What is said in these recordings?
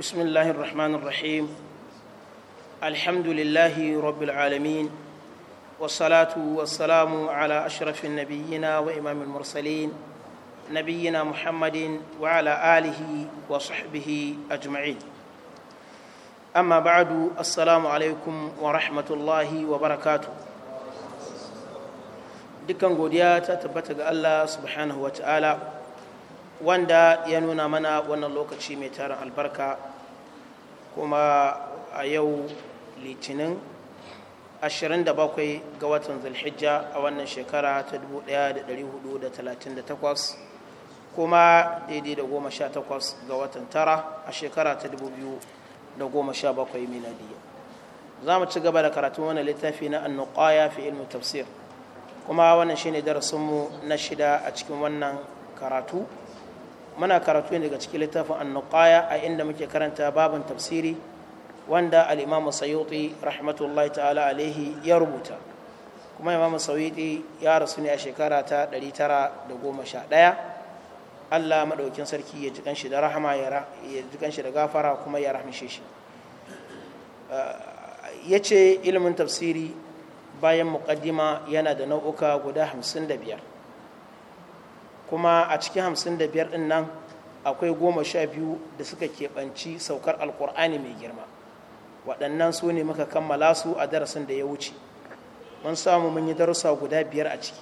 بسم الله الرحمن الرحيم الحمد لله رب العالمين والصلاة والسلام على أشرف النبيين وإمام المرسلين نبينا محمد وعلى آله وصحبه أجمعين أما بعد السلام عليكم ورحمة الله وبركاته دكان قوديات تبتغ الله سبحانه وتعالى wanda ya nuna mana wannan lokaci mai tarin albarka kuma a yau litinin 27 ga watan zulhijja a wannan shekara ta 1438 kuma daidai da 18 ga watan tara a shekara ta 2017 miladiya za mu ci gaba da karatun wani littafi na annuqaya fi ilmi tafsir kuma wannan shine darasinmu na shida a cikin wannan karatu muna karatu ne daga cikin littafin annuqaya a inda muke karanta babin tafsiri wanda al-imam sayyuti rahmatullahi ta'ala alaihi ya rubuta kuma imam sayyuti ya rasu ne a shekara ta 911 Allah madaukin sarki ya ji kanshi da rahama ya ji kanshi da gafara kuma ya rahmishe shi yace ilimin tafsiri bayan muqaddima yana da nau'uka guda 55 kuma a cikin hamsin da biyar ɗin nan akwai goma sha biyu da suka keɓanci saukar alkur'ani mai girma waɗannan su ne muka kammala su a darasin da ya wuce mun samu mun yi darussa guda biyar a ciki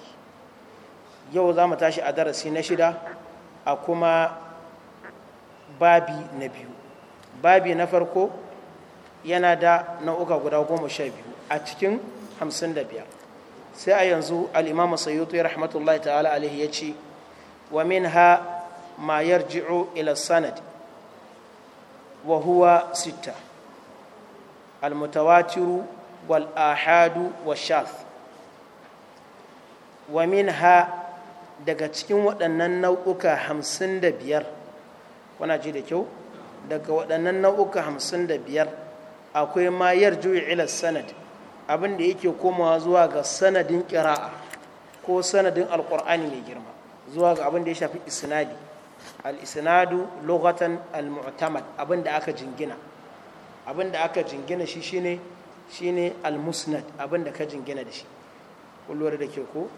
yau za mu tashi a darasi na shida a kuma babi na biyu babi na farko yana da nau'uka guda goma sha biyu a cikin hamsin da biyar sai a yanzu al'imamu sayyutu rahmatullahi ta'ala alaihi ya ce ومنها ما يرجع إلى السند وهو ستة المتواتر والآحاد والشاذ ومنها daga cikin waɗannan nau'uka hamsin da biyar ji da kyau daga waɗannan nau'uka hamsin da biyar akwai mayar yarju ila sanad abin da yake komawa zuwa ga sanadin ƙira'a ko sanadin alƙur'ani mai girma zuwa ga abin da ya shafi isnadi al-isnadu lughatan al-mu'tamad abin da aka jingina abin da aka jingina shi shine shine al-musnad abin da ka jingina da shi kullum da ke ko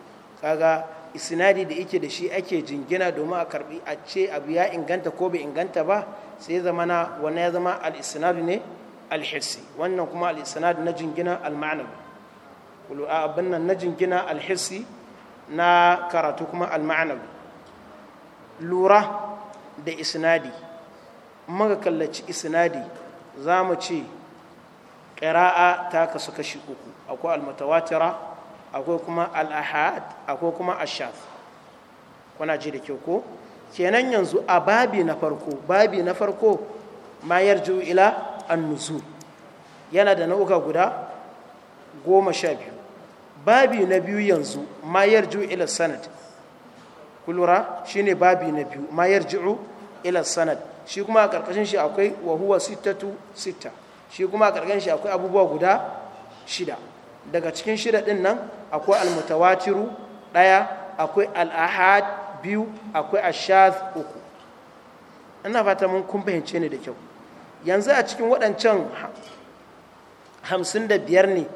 kaga isnadi da yake da shi ake jingina domin a karbi a ce abu ya inganta ko bai inganta ba sai zama na wannan ya zama al-isnadu ne al-hissi wannan kuma al-isnadu na jingina al-ma'nawi kullu abin nan na jingina al-hissi na karatu kuma alma'anawi lura da isnadi maka kallaci isnadi za mu ce ƙira'a ta kasu kashi uku akwai almatawatira akwai kuma al'ahad akwai kuma ashaf kuna ji da kyau ko kenan yanzu a babi na farko babi na farko Mayar yarju ila an yana da nau'uka guda goma sha biyu babi na biyu yanzu ma yarju ila sanad kulura shine babi na biyu ma yarju ila sanad shi kuma a karkashin shi akwai wa huwa sittatu sitta shi kuma a karkashin shi akwai abubuwa guda shida daga cikin shida din nan akwai almutawatiru daya akwai al biyu akwai ashad uku ina fata mun kun fahimce ni da kyau yanzu a cikin waɗancan hamsin da biyar ne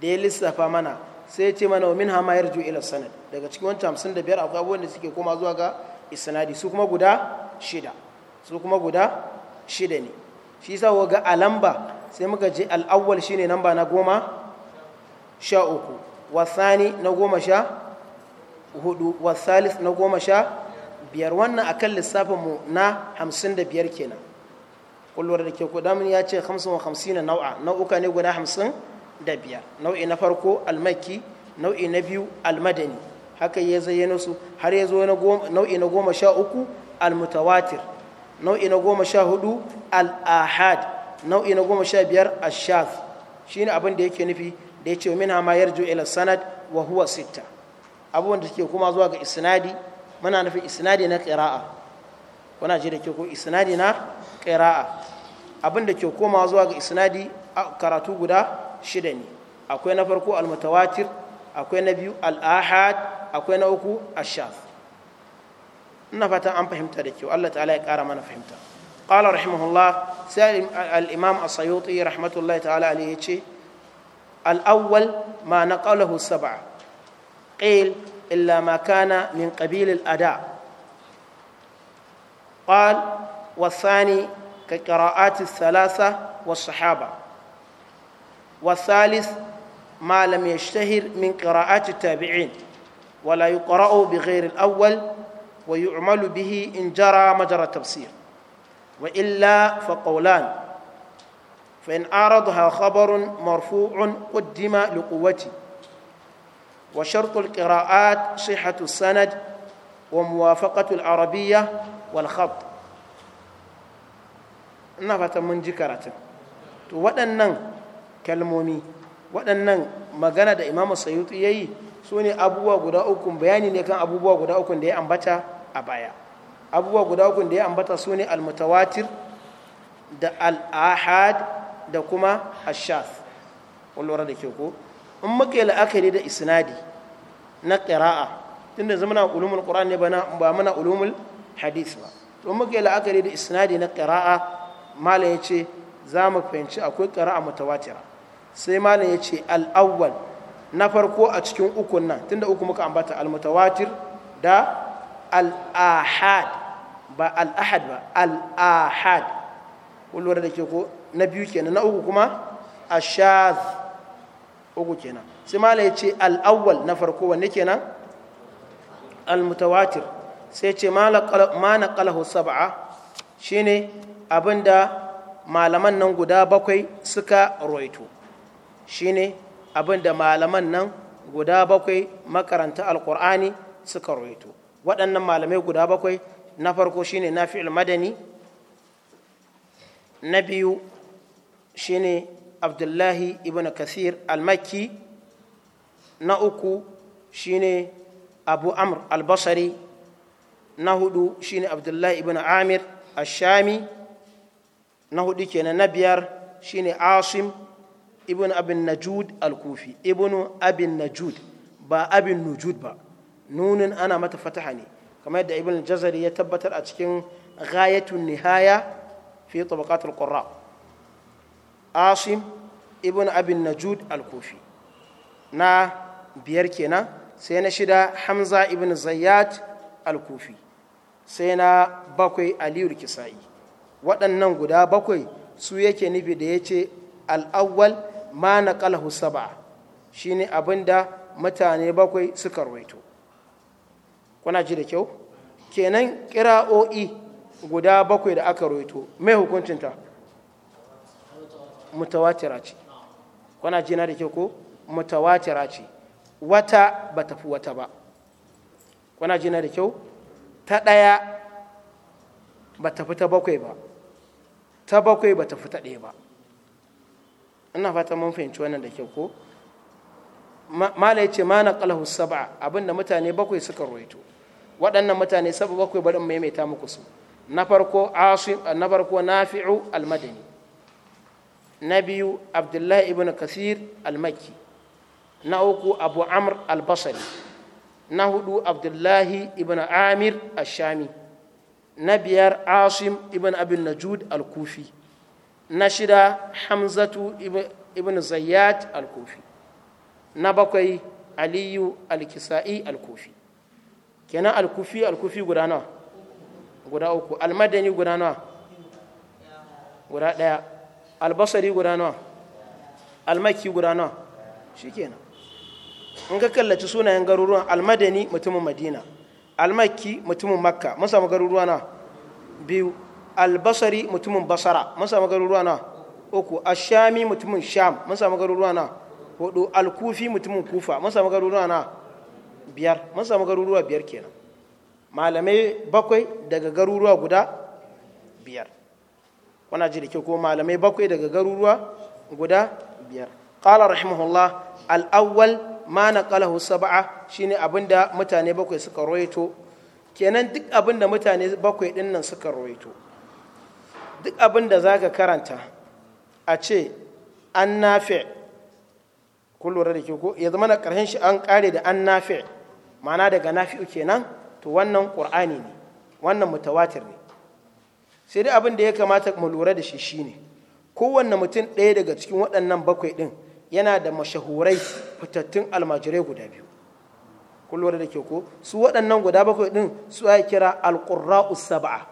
da ya lissafa mana sai ya ce mana wa min hama yarju ila sanad daga cikin wancan hamsin da biyar akwai abubuwan da suke koma zuwa ga isnadi su kuma guda shida su kuma guda shida ne shi sa yasa ga alamba sai muka je al'awwal shine namba na goma sha uku wasani na goma sha hudu wasalis na goma sha biyar wannan akan kan lissafinmu na hamsin da biyar kenan kullum da ke kudamin ya ce hamsin wa hamsin na nau'a nau'uka ne guda hamsin da biyar nau'i na farko almaki nau'i na biyu almadani haka ya zayyano su har ya zo nau'i na goma sha uku almutawatir nau'i na goma sha hudu al'ahad nau'i na goma sha biyar ashaf shi ne abin da yake nufi da ya ce min hama yarju ila sanad wa huwa sitta abubuwan da suke kuma zuwa ga isnadi muna nufi isnadi na ƙira'a kuna ji da ke ko isnadi na ƙira'a abin da ke koma zuwa ga isnadi karatu guda shida ne akwai na farko almutawatir akwai na biyu al'ahad akwai na uku ashaf ina fatan an fahimta da kyau Allah ta'ala ya ƙara mana fahimta qala rahimahullah sai al-imam as-sayuti rahmatullahi ta'ala alayhi ya al-awwal ma naqalahu sab'a qil illa ma kana min qabil al-ada qal والثاني Salasa, Wasu sahaba والثالث ما لم يشتهر من قراءات التابعين ولا يقرأ بغير الأول ويعمل به إن جرى مجرى التفسير وإلا فقولان فإن أعرضها خبر مرفوع قدم لقوته وشرط القراءات صحة السند وموافقة العربية والخط نفت من جكرة وأنن kalmomi waɗannan magana da imamu sayuti ya yi su ne abubuwa guda uku bayani ne kan abubuwa guda uku da ya ambata a baya abubuwa guda uku da ya ambata su ne almutawatir da al'ahad da kuma ashaf kullura da ke ko in muka yi la'akari da isnadi na ƙira'a da zama na ulumul ƙura ne ba mana ulumul hadis ba to muka yi la'akari da isnadi na ƙira'a mala ya ce za mu fahimci akwai ƙira'a mutawatira sai malam ya ce al'awwal na farko a cikin ukun nan tunda uku muka ambata al-mutawatir da al-ahad ba al-ahad ba al-ahad kullum da ke ko na biyu kenan na uku kuma ashaz uku kenan sai malam ya ce al'awwal na farko wanne kenan al-mutawatir sai ce ma kalahu sab'a shine abinda malaman nan guda bakwai suka roito shine abin da malaman nan guda bakwai makaranta alkur'ani suka roito waɗannan malamai guda bakwai na farko shine nafi'ul madani na biyu shine abdullahi ibn kasir al-makki na uku shine abu amr albasari basari na hudu shine abdullahi ibn amir ashami na hudu kenan na biyar shine asim ibn abin najud al-kufi ibn abin najud ba abin nujud ba nunin ana mata fataha ne kamar yadda ibn jazari ya tabbatar a cikin ghayatun nihaya fi tabaqat al-qurra asim ibn abin najud al-kufi na biyar kenan sai na shida hamza ibn zayyat al-kufi sai na bakwai aliyu kisa'i waɗannan guda bakwai su yake nufi da ya ce al'awwal ma Shi sab'a shine abinda mutane bakwai suka ruwaito. kuna ji da kyau kenan kira'o'i guda bakwai da aka ruwaito. mai hukuncinta mutawatira ce kuna ji na da kyau ko mutawatira ce wata ba tafi wata ba kuna ji na da kyau ta ɗaya ba tafi ta bakwai ba ta bakwai ba tafi ta ɗaya ba ina fata mun fahimci wannan da kyau ko mala yace ma naqalahu sab'a abinda mutane bakwai suka ruwaito waɗannan mutane saba bakwai barin maimaita muku su na farko asim na farko nafi'u almadani na biyu abdullahi ibn kasir al na uku abu amr al-basri na hudu abdullahi ibn amir ashami na biyar asim ibn abin najud al-kufi na shida hamzatu ibn zayyat al-kufi na bakwai aliyu al-kisa'i al-kufi kenan al-kufi al-kufi guda nawa guda uku al-madani guda nawa guda daya al basari guda nawa al-makki guda nawa shikenan in ka kallaci sunayen garuruwan al-madani mutumin madina al-makki mutumin makka mun samu garuruwa na biyu albasari mutumin basara mun samu garuruwa na uku ashami mutumin sham mun samu garuruwa na hudu alkufi mutumin kufa mun samu garuruwa na biyar mun samu garuruwa biyar kenan malamai bakwai daga garuruwa guda biyar wana ji da kyau ko malamai bakwai daga garuruwa guda biyar qala rahimahullah al-awwal ma naqalahu sab'a shine abinda mutane bakwai suka roito kenan duk abinda mutane bakwai dinnan suka roito duk abin da za ka karanta a ce an nafi da ke ko ya zama na ƙarshen shi an ƙare da an nafi ma'ana daga nafi'u kenan to wannan ƙur'ani ne wannan mutawatir ne sai dai abin da ya kamata mu lura da shi shine kowanne mutum ɗaya daga cikin waɗannan bakwai ɗin yana da mashahurai fitattun almajirai guda biyu kun da ke ko su waɗannan guda bakwai ɗin su ake kira alƙurra'u saba'a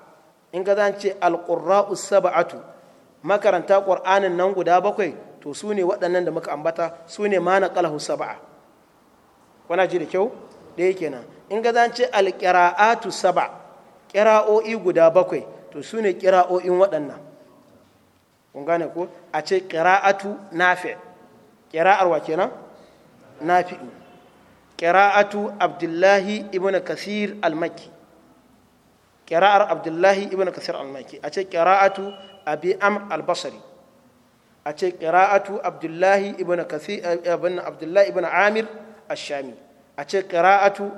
in ka zan ce alƙurra'u saba'atu makaranta ƙur'anin nan guda bakwai to su ne waɗannan da muka ambata su ne ma na ƙalahu saba'a wana ji da kyau ɗaya nan in ka zan ce alƙira'atu saba ƙira'o'i guda bakwai to su ne ƙira'o'in waɗannan kun gane ko a ce ƙira'atu nafi ƙira'ar wa kenan nafi'u ƙira'atu abdullahi ibn kasir al-makki ƙira'ar abdullahi ibn kasir almaki a ce ƙira'atu abi am albasari a ce ƙira'atu abdullahi ibn kasir eh, abdullahi ibn amir ashami a ce ƙira'atu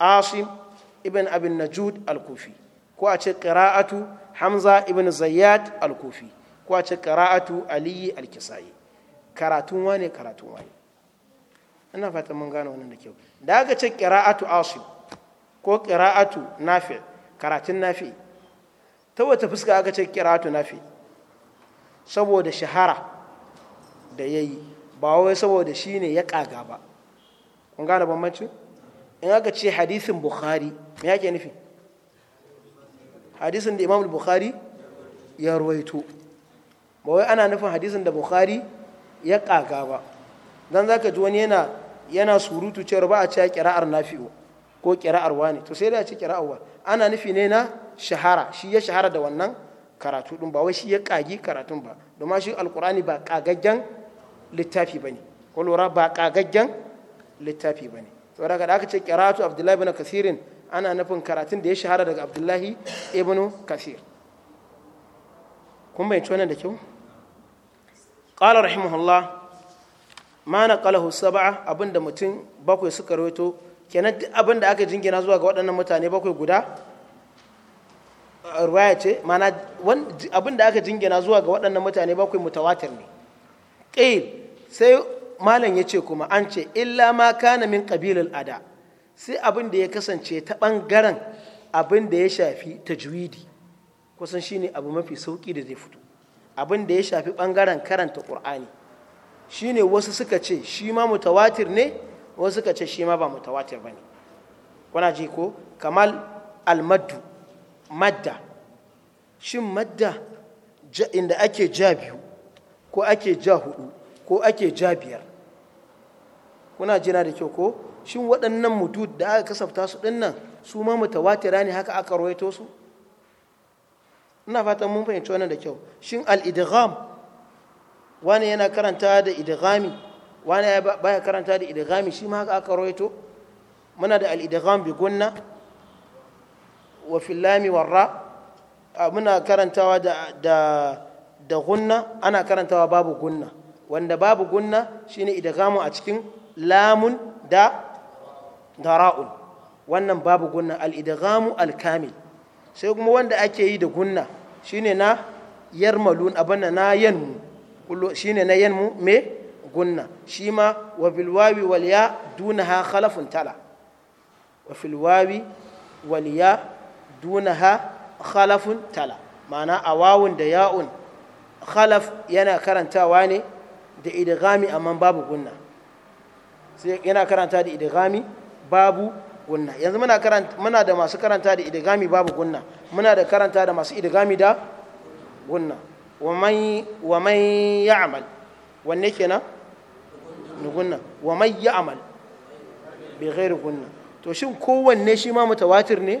asim ibn abin najud al-kufi ko a ce ƙira'atu hamza ibn zayyad al-kufi ko a ce ƙira'atu aliyu al kisayi karatun wane karatun wane ina fata mun gane wannan da kyau da aka ce ƙira'atu asim ko ƙira'atu nafi karatun nafi ta wata fuska aka ce ƙira'atu nafi saboda shahara da ya yi ba wai saboda shi ne ya ƙaga ba kun gane bambancin in aka ce hadisin bukhari me yake nufi hadisin da imam bukhari ya ruwaito ba wai ana nufin hadisin da bukhari ya ƙaga ba don za ka ji wani yana surutu cewar ba a cewa ƙira'ar nafi'u ko kira'ar wani to sai da ya ce kira'ar wani ana nufi ne na shahara shi ya shahara da wannan karatu ɗin ba wai shi ya ƙagi karatun ba domin shi alkur'ani ba kagaggen littafi bane ko lura ba ƙagaggen littafi bane saboda da aka ce ƙiratu abdullahi ibn kasirin ana nufin karatun da ya shahara daga abdullahi ibn kasir kun bai wannan da kyau qala rahimahullah ma naqalahu sab'a abinda mutum bakwai suka rawaito kenan abin da aka jingina zuwa ga waɗannan mutane bakwai guda ruwaya ce mana abin da aka jingina zuwa ga waɗannan mutane bakwai mutawatir ne ƙil sai malam ya ce kuma an ce illa ma kana min ƙabilul ada sai abin da ya kasance ta ɓangaren abin da ya shafi tajwidi kusan shine abu mafi sauƙi da zai fito abin da ya shafi ɓangaren karanta ƙur'ani shine wasu suka ce shi ma mutawatir ne wasu suka ce shi ma ba mutawatir bane kuna ji ko kamal almaddu madda shin madda inda ake ja biyu ko ake ja hudu ko ake ja biyar kuna jina da kyau ko shin waɗannan mudud da aka kasafta su ɗinnan su ma mutawatira ne haka aka rawaito su ina fatan mun fahimci wannan da kyau shin al-idgham wani yana karanta da idghami wani ya baya karanta da idghami shi ma haka aka rawaito muna da al-idgham bi gunna wa fil lami warra muna karantawa da da gunna ana karantawa babu gunna wanda babu gunna shine idghamu a cikin lamun da dara'un wannan babu gunna al-idghamu al-kamil sai kuma wanda ake yi da gunna shine na yarmalun abana na yanmu shine na yanmu me gunna shi ma wa filwawi waliya ya dunaha khalafun tala wa filwawi waliya ya dunaha khalafun tala ma'ana a wawun da ya'un khalaf yana karantawa ne da idghami amma babu gunna sai yana karanta da idghami babu gunna yanzu muna da masu karanta da idghami babu gunna muna da karanta da masu idghami da gunna wa mai ya man wanne kenan nugunna wa mai ya amal bai gairu gunna to shin kowanne shi ma mutawatir ne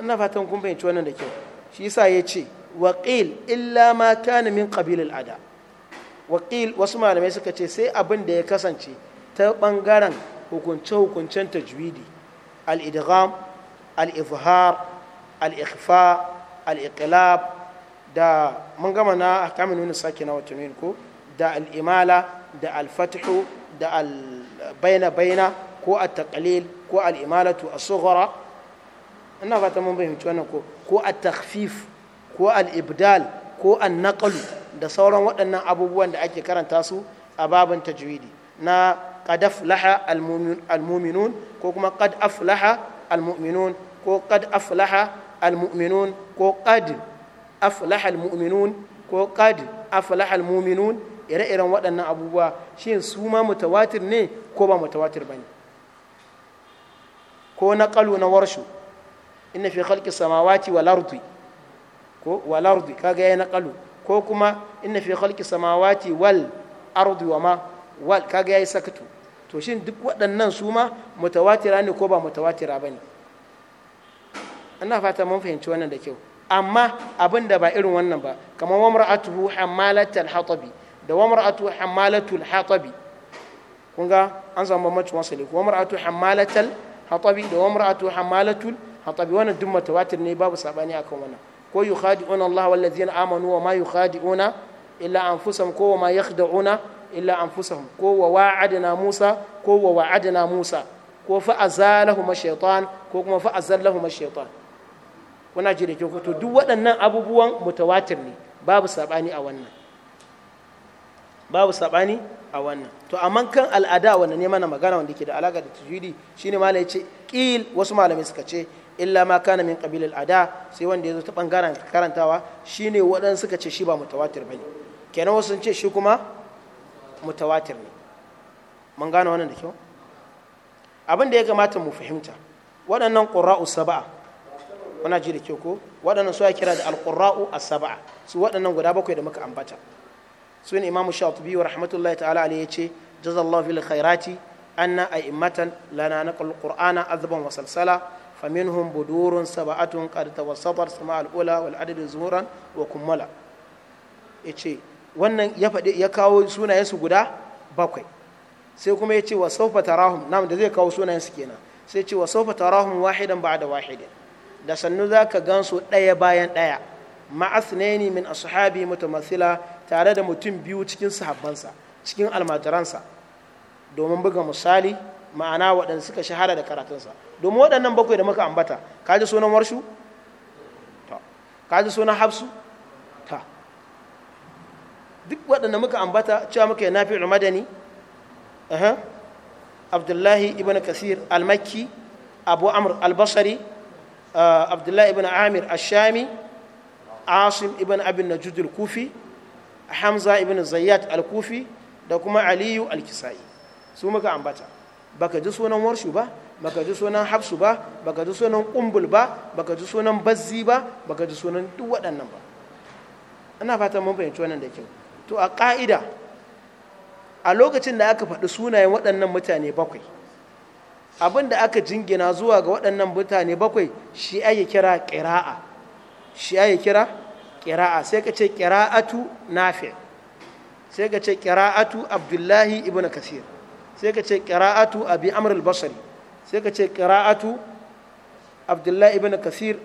ina fatan kun fahimci wannan da kyau shi yasa ya ce waƙil illa ma kana min ƙabilul ada waƙil wasu malamai suka ce sai abin da ya kasance ta ɓangaren hukunce-hukuncen tajwidi al-idgham al-ifhar al-ikhfa al-iqlab da mun gama na akamin nuna sake na watanni ko da al-imala da alfatihu da albaina-baina ko a taƙalil ko al'imalatu a ina fata mun fahimci wannan ko ko a takfif ko al'ibdal ko an naƙalu da sauran waɗannan abubuwan da ake karanta su a babin tajwidi na qad aflaha almuminun ko kuma qad aflaha almuminun ko qad aflaha almuminun ko qad aflaha almuminun ko qad aflaha almuminun ire-iren waɗannan abubuwa shi su ma mutawatir ne ko ba mutawatir ba ne ko na ƙalu na warshu inna fi khalqi samawati wal ardi ko wal ardi kaga yayi na ƙalu ko kuma inna fi khalqi samawati wal ardi wa ma wal kaga yayi sakatu to shin duk waɗannan su ma mutawatira ne ko ba mutawatira ba ne ina fata mun fahimci wannan da kyau amma abin da ba irin wannan ba kamar wa mar'atuhu hammalatal hatabi da wa mar'atu hammalatul hatabi kun ga an samu bambancin wasali wa mar'atu hatabi da wa mar'atu hammalatul hatabi wannan duk mutawatir ne babu sabani akan wannan ko yukhadi'una Allah wal ladzina amanu wa ma yukhadi'una illa anfusahum ko wa ma yakhda'una illa anfusahum ko wa wa'adna Musa ko wa wa'adna Musa ko fa azalahum ash-shaytan ko kuma fa azallahum ash-shaytan kuna ji da kyau to duk waɗannan abubuwan mutawatir ne babu sabani a wannan babu sabani a wannan to amma kan al'ada wanda ne mana magana wanda ke da alaka da tajwidi shine malai ce qil wasu malamai suka ce illa ma kana min qabil al'ada sai wanda yazo ta bangaren karantawa shine wadan suka ce shi ba mutawatir bane kenan wasu sun ce shi kuma mutawatir ne mun gane wannan da kyau abin da ya kamata mu fahimta waɗannan qurra'u sab'a kuna ji da kyau ko waɗannan su ya kira da al-qurra'u as-sab'a su waɗannan guda bakwai da muka ambata sun ne imamu shatubi wa rahmatullahi ta'ala ya ce jazallahu fil khairati anna a'immatan lana naqal qur'ana azban wa salsala faminhum budurun sab'atun qad tawassatat sama ula wal adad zuhuran wa kummala yace wannan ya faɗi ya kawo sunayen su guda bakwai sai kuma yace wa sawfa tarahum nam da zai kawo sunayen su kenan sai ce wa sawfa tarahum wahidan ba'da wahidin da sannu zaka gansu ɗaya bayan ɗaya ma'asnaini min ashabi mutamathila tare da mutum biyu cikin sahabbansa cikin almajiransa domin buga misali ma'ana waɗanda suka shahara da karatunsa domin waɗannan bakwai da muka ambata kaji sunan warshu ta kaji sunan hafsu ta duk waɗanda muka ambata cewa muka yi nafi'ul madani abdullahi ibn kasir al-makki abu amr al basari ah, abdullahi ibn amir ashami asim ibn abin na al-kufi hamza ibn zayyat al-kufi da kuma aliyu al-kisa'i su muka ambata baka ji sunan warshu ba baka ji sunan hafsu ba baka ji sunan kumbul ba baka ji sunan bazzi ba baka ji sunan duk waɗannan ba ana fatan mun fahimci wannan da kyau to a ƙa'ida a lokacin da aka faɗi sunayen waɗannan mutane bakwai abin da aka jingina zuwa ga waɗannan mutane bakwai shi ake kira ƙira'a shi ake kira ƙira'a sai ka ce ƙira'atu nafi sai ka ce ƙira'atu abdullahi ibn kasir sai ka ce ƙira'atu abi amr al-basri sai ka ce ƙira'atu abdullahi ibn kasir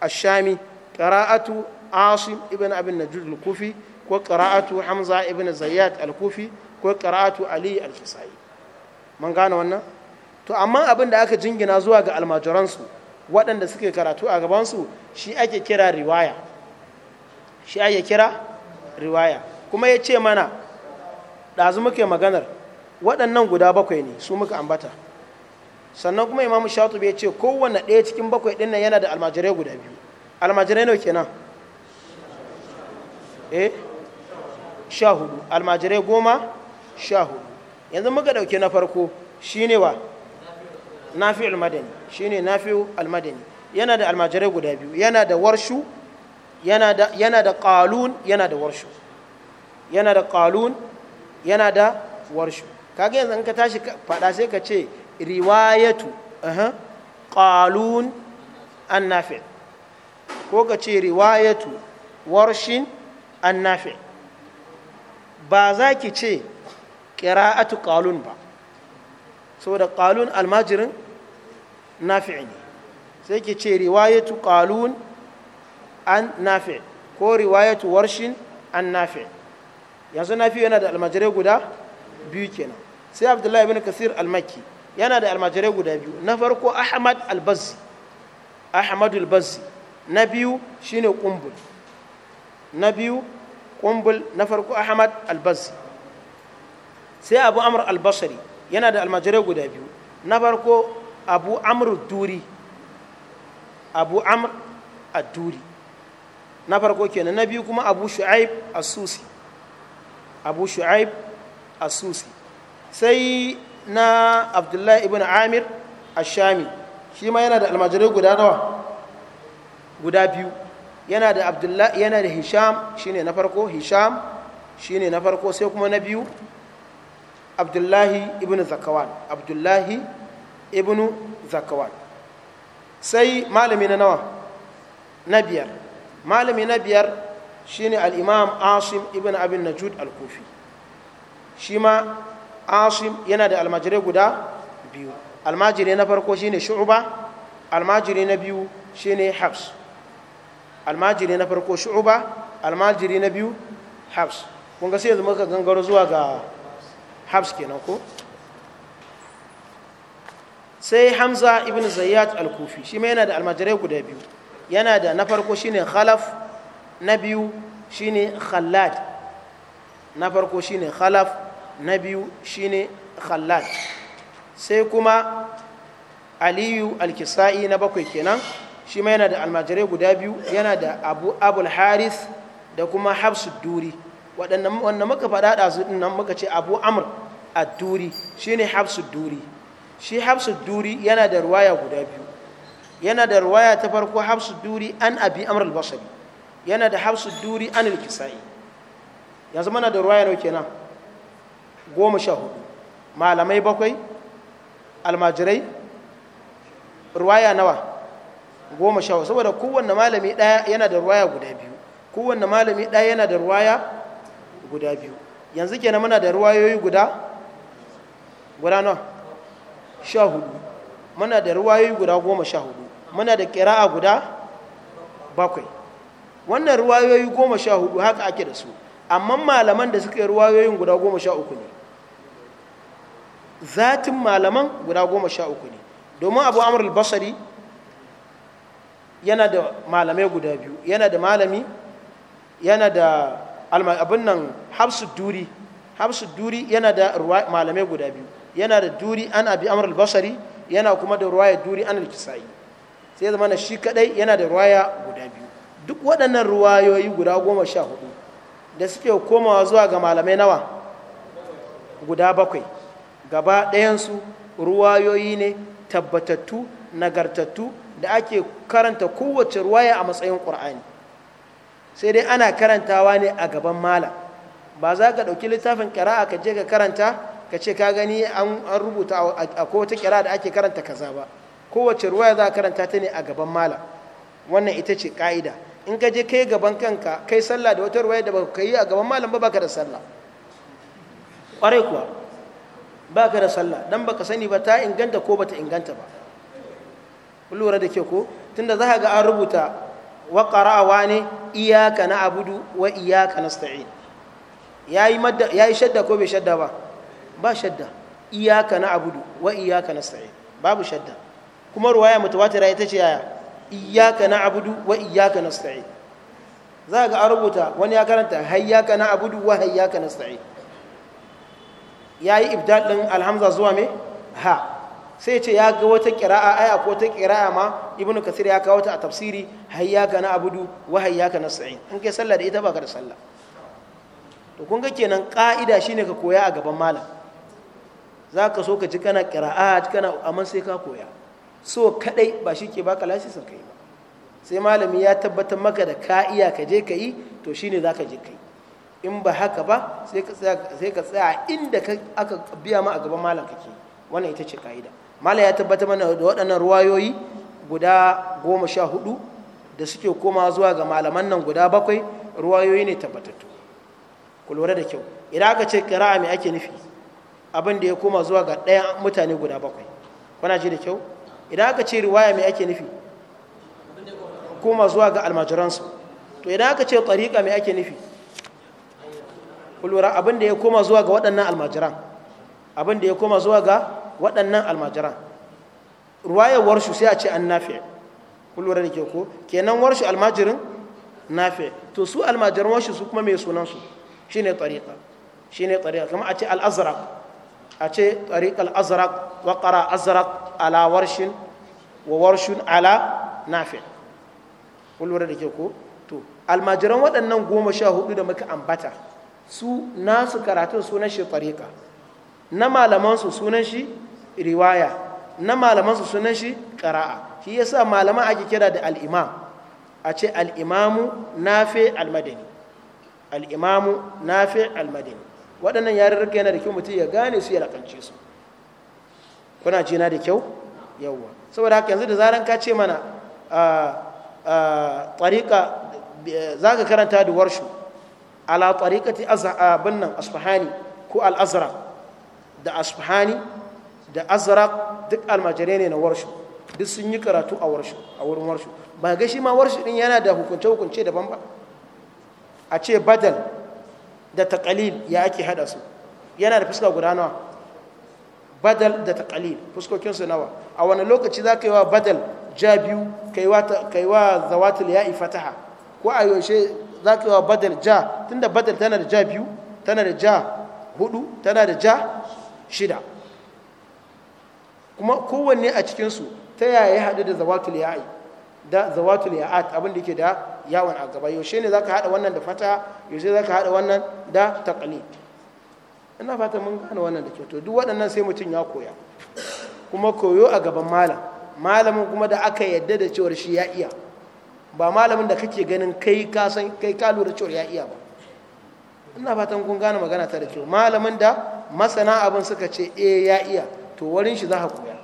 ashami ƙira'atu asim ibn abin najud al-kufi ko ƙira'atu hamza ibn zayyad al-kufi ko ƙira'atu ali al-kisai mun gane wannan to amma abin da aka jingina zuwa ga almajiransu waɗanda suke karatu a gabansu shi ake kira riwaya shi ake kira riwaya kuma ya ce mana ɗazu muke maganar waɗannan guda bakwai ne su muka ambata sannan kuma imamu shatu ya ce kowanne ɗaya cikin bakwai ɗin nan yana da almajirai guda biyu almajirai ke kenan eh sha hudu almajirai goma sha hudu yanzu muka ɗauki na farko shine wa nafi almadani shine nafi almadani yana da almajirai guda biyu yana da warshu yana da yana da yana da warshu yana da ƙalun yana da warshu kaga yanzu an ka tashi fada sai ka ce riwayatu ƙalun an nafi ko ka ce riwayatu warshin an nafi ba za ki ce ƙira'atu ƙalun ba saboda ƙalun almajirin nafi ne sai ki ce riwayatu ƙalun an nafi ko riwayatu warshin an nafi yanzu nafi yana da almajirai guda biyu kenan sai abdullahi bin kasir almakki yana da almajirai guda biyu na farko ahmad albazzi ahmad albazzi na biyu shine kumbul na biyu kumbul na farko ahmad albazzi sai abu amr albasari yana da almajirai guda biyu na farko abu amr duri abu amr ad-duri na farko kenan na biyu kuma abu shu'aib a susi abu shu'aib a susi sai na abdullahi ibn amir ashami shi ma yana da almajirai guda nawa guda biyu yana da abdullahi yana da hisham shine na farko hisham shine na farko sai kuma na biyu abdullahi ibn zakawan abdullahi ibn zakawan sai malami na nawa na biyar malami na biyar shine ne imam asim ibn abin najud al-kufi shi ma asim yana da almajire guda biyu almajiri na farko shine Shu'uba almajiri na biyu shine habs almajiri na farko Shu'uba almajiri na biyu habs kun ga sai yanzu muka gangaro zuwa ga habs kenan ko sai hamza ibn zayyad al-kufi shi ma yana da almajire guda biyu yana da na farko shine khalaf na biyu shine khalad na farko shine khalaf na biyu shine sai kuma aliyu alkisa'i na bakwai kenan shi ma yana da almajirai guda biyu yana da abu abul haris da kuma hafsu duri wadanda muka faɗa su nan muka ce abu amr a duri shi ne duri shi hafsu duri yana da ruwaya guda biyu yana da ruwaya ta farko hafsu duri an abi amr al-basri yana da hafsu duri an al-kisai yanzu mana da ruwaya nawa kenan goma sha hudu malamai bakwai almajirai ruwaya nawa goma sha saboda kowanne malami ɗaya yana da ruwaya guda biyu kowanne malami ɗaya yana da ruwaya guda biyu yanzu kenan muna da ruwayoyi guda guda nawa sha hudu muna da ruwayoyi guda goma sha hudu muna da ƙira'a guda bakwai wannan ruwayoyi goma sha hudu haka ake da su amma malaman da suka yi ruwayoyin guda goma sha uku ne zatin malaman guda goma sha uku ne domin abu amur basari yana da malamai guda biyu yana da malami yana da abin nan hafsu duri hafsu duri yana da malamai guda biyu yana da duri an abi amur basari yana kuma da ruwaya duri an alkisa'i sai zama na shi kadai yana da ruwaya guda biyu duk waɗannan ruwayoyi guda goma sha hudu da suke komawa zuwa ga malamai nawa guda bakwai gaba ɗayansu ruwayoyi ne tabbatattu nagartattu da ake karanta kowace ruwaya a matsayin ƙur'ani sai dai ana karantawa ne a gaban malam ba za ka ɗauki littafin ƙira'a ka je ka karanta ka ce ka gani an rubuta a kowace ƙira'a da ake karanta kaza ba kowace ruwaya za a karanta ta ne a gaban mala wannan ita ce ka'ida in ka je kai gaban kanka kai sallah da wata ruwaya da baka yi a gaban malam ba baka da sallah kwarai kuwa baka da sallah dan baka sani ba ta inganta ko bata inganta ba lura da ke ko tunda za ga an rubuta wa qara'a ne iyaka na abudu wa iyaka nasta'in yayi madda yayi shadda ko bai shadda ba ba shadda iyaka na abudu wa iyaka nasta'in babu shadda kuma ruwaya ya ita ce yaya iyaka na abudu wa iyaka na sta'i za ga an rubuta wani ya karanta hayyaka na abudu wa hayyaka na sta'i ya yi din alhamza zuwa me ha sai ce ya ga wata kira'a aya ko ta kira'a ma Ibn kasir ya kawo ta a tafsiri hayyaka na abudu wa hayyaka na sta'i in kai sallah da ita ba ka da sallah to kun ga kenan ka'ida shine ka koya a gaban malam za ka so ka ji kana qira'at kana amma sai ka koya so kadai ba shi ke baka lasisin kai ba sai malami ya tabbatar maka da ka iya ka je ka yi to shine za ka je ka yi in ba haka ba sai ka tsaya inda aka biya ma a gaban malam kake wannan ita ce ka'ida malam ya tabbatar mana da waɗannan ruwayoyi guda goma sha hudu da suke koma zuwa ga malaman nan guda bakwai ruwayoyi ne tabbatattu ku lura da kyau idan aka ce kira'a mai ake nufi abin da ya koma zuwa ga ɗayan mutane guda bakwai kuna ji da kyau idan aka ce riwaya mai ake nufi kuma zuwa ga almajiransu to idan aka ce tariƙa mai ake nufi kulura abinda ya koma zuwa ga waɗannan almajiran abinda ya koma zuwa ga waɗannan almajiran ruwayar warshu sai a ce an nafi kulura da ke ko kenan warshu almajirin nafi to su almajiran warshu su kuma mai sunansu shine tariƙa ne tariƙa kuma a ce al a ce tariƙal azraq wa ƙara azraq ala warshin wa warshin ala nafi kulwar da ke ko to almajiran waɗannan goma sha hudu da muka ambata su nasu karatun sunan shi tariƙa na malamansu sunan shi riwaya na malamansu sunan shi ƙara'a shi yasa malaman ake kira da al'imam a ce al'imamu nafi almadani al'imamu nafi almadani waɗannan yarurruka yana da kyau mutum ya gane su ya rakance su kuna jina da kyau yawwa saboda haka yanzu da zaran ka ce mana tsarika za ka karanta da warshu ala tariƙati abin nan asfahani ko al'azraq da asfahani da azara duk almajirai ne na warshu duk sun yi karatu a warshu a wurin warshu ba ga shi ma warshu din yana da hukunce-hukunce daban ba a ce badal da taqalil ya ake hada su yana da fuska guda nawa badal da taqalil fuskokin su nawa a wani lokaci za ka yi wa badal ja biyu ka yi wa zawatul ya yi fataha ko a yaushe za ka yi wa badal ja tunda badal tana da ja biyu tana da ja hudu tana da ja shida kuma kowanne a cikinsu ta yaya ya haɗu da zawatul ya yi da zawatul ya'at abin da ke da yawon a gaba yaushe ne zaka hada wannan da fata yaushe zaka hada wannan da taqlid ina fata mun gane wannan da kyau to duk waɗannan sai mutum ya koya kuma koyo a gaban malam malamin kuma da aka yadda da cewar shi ya iya ba malamin da kake ganin kai ka san kai ka lura cewar ya iya ba ina fatan kun gane magana ta da kyau malamin da masana abin suka ce eh ya iya to warin shi za ka koya